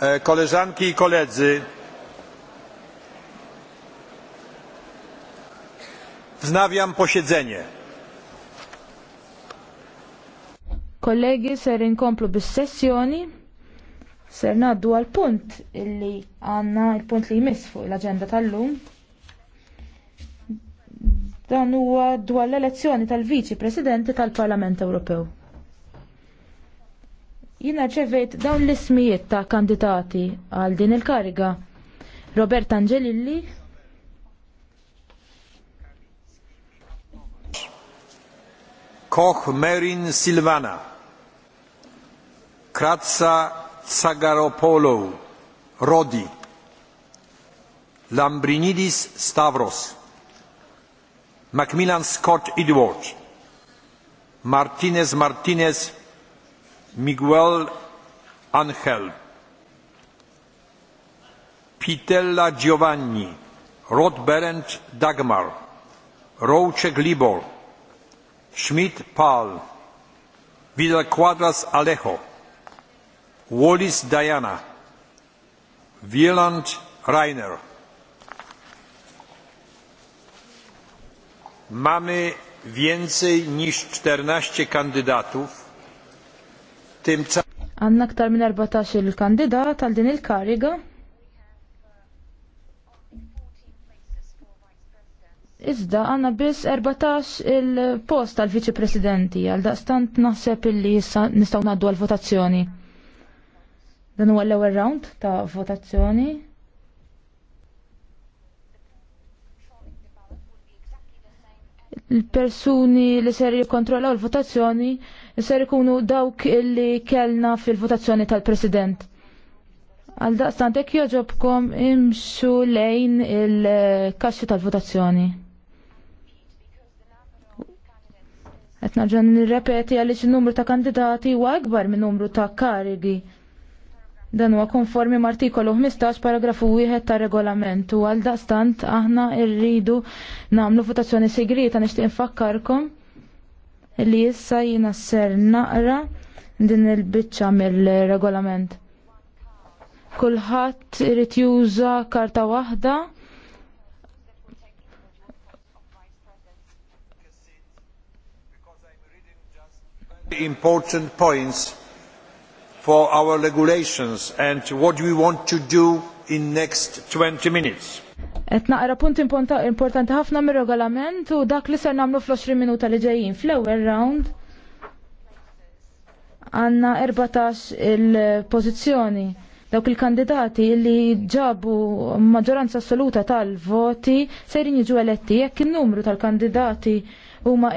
E, koleżanki i koledzy, wznawiam posiedzenie. Kollegi, ser inkomplu bis-sessjoni, ser naddu għal punt illi għanna il-punt li jmiss fuq l-agenda tal-lum. Dan huwa dwar l-elezzjoni tal-Viċi Presidenti tal-Parlament Ewropew. Jina ċevejt dawn l-ismijiet ta' kandidati għal din il-kariga. Robert Angelilli. Koch Merin Silvana. Kratza Zagaropolo, Rodi. Lambrinidis Stavros. Macmillan Scott Edward. Martinez Martinez Miguel Angel, Pitella Giovanni, Rod Berend Dagmar, Rouček Libor, Schmidt Paul, Vidal Quadras Alejo, Wallis Diana, Wieland Reiner. Mamy więcej niż 14 kandydatów Għanna ktar minn 14 il-kandidat għal din il-kariga. Iżda għanna biss 14 il-post għal viċi presidenti għal daqstant naħseb illi nistaw naddu għal votazzjoni. Dan huwa l-ewwel round ta' votazzjoni. l-persuni li ser jikontrollaw l-votazzjoni ser ikunu dawk illi kellna fil-votazzjoni tal-President. Għal daqstant jekk joġobkom imxu lejn il-kaxxi tal-votazzjoni. Qed ġan nirrepeti għaliex in-numru ta' kandidati huwa akbar minn numru ta' karigi. Dan huwa konformi mal-artikolu 15 paragrafu 1 tar regolament u għal daqstant aħna rridu nagħmlu votazzjoni segreta nixtieq infakkarkom li issa jiena ser naqra din il-biċċa mill-regolament. Kulħadd irid juża karta waħda important points for our regulations and what we want to do in next 20 minutes. Et naqra punt importanti ħafna mir regolament u dak li ser namlu fl-20 minuta li ġejjin fl-ewwel round għanna 14 il-pożizzjoni dawk il-kandidati li ġabu maġġoranza assoluta tal-voti sejrin jiġu eletti jekk in-numru tal-kandidati huma